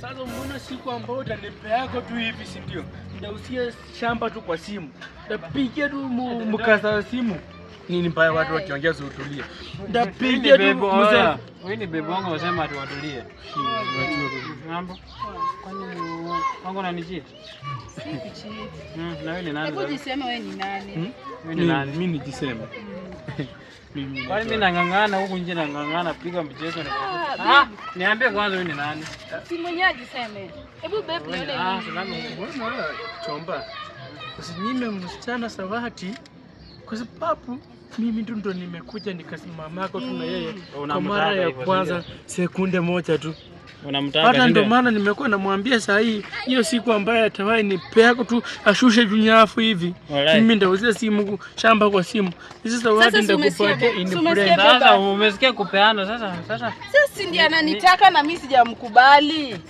sasa mbona siku ambayo utanipe yako tu hivi, si ndio? Nitausia shamba tu kwa simu, tapigia tu mkasa simu nini mpaka watu wakiongea ziutulie, ndapiga tu mzee. Wewe ni bebo wangu unasema watu watulie. Mambo. Kwangu wangu Na kichi. Hmm, na wewe ni nani? Hebu jisema wewe ni nani? Wewe ni nani? Mimi nijiseme. Hmm. Kwani mimi nang'ang'ana huku nje nang'ang'ana piga mchezo na Ah, ah niambie kwanza wewe ni nani? Si mwenyewe ajiseme. Hebu bebo yule. Ah, salamu. Wewe mwana chomba. Usinyime msichana sawati kwa sababu mimi ndo ndo nimekuja nikasimamako tu na mm. yeye kwa mara ya kwanza sekunde moja tu. Hata ndo maana nimekuwa namwambia saa hii, hiyo siku ambayo atawai nipe yako tu ashushe junyafu hivi, mimi ndauzie simu shamba kwa simu. Sasa umesikia kupeana sasa sasa si ndiye ananitaka na mimi sijamkubali.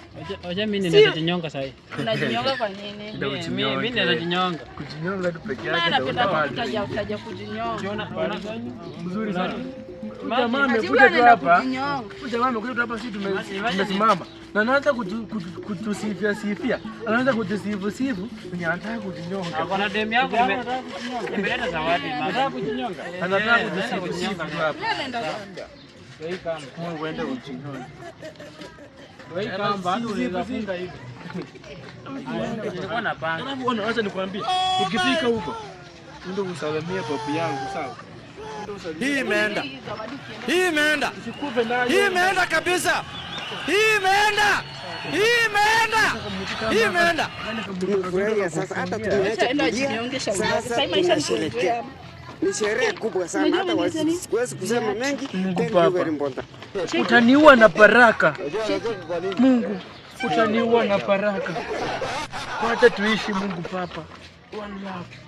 Oje, mimi ninajinyonga sasa. Unajinyonga kwa nini? Mimi ninajinyonga. Kujinyonga tu peke yake ndio unafanya. Utaja utaja kujinyonga. Mzuri sana. Jamaa amekuja tu hapa. Jamaa amekuja tu hapa sisi tumesimama. Na anaanza kutusifia sifia. Anaanza kutusifu sifu. anataka kujinyonga. Ako na demu yangu nimeleta zawadi. Anataka kujinyonga. Eh, anataka Chukua uende ujione. Wewe kamba hata acha nikwambie. Ukifika huko ndio usalimie babu yangu sawa? Hii imeenda. Hii imeenda. Hii imeenda kabisa. Hii imeenda. Hii imeenda. Hii imeenda. Sasa hata tumeacha. Sasa maisha ni sherehe kubwa sana, hata siwezi kusema mengi. Mungu Baba, utaniua na baraka. Mungu utaniua na baraka, wacha tuishi. Mungu Baba, one love.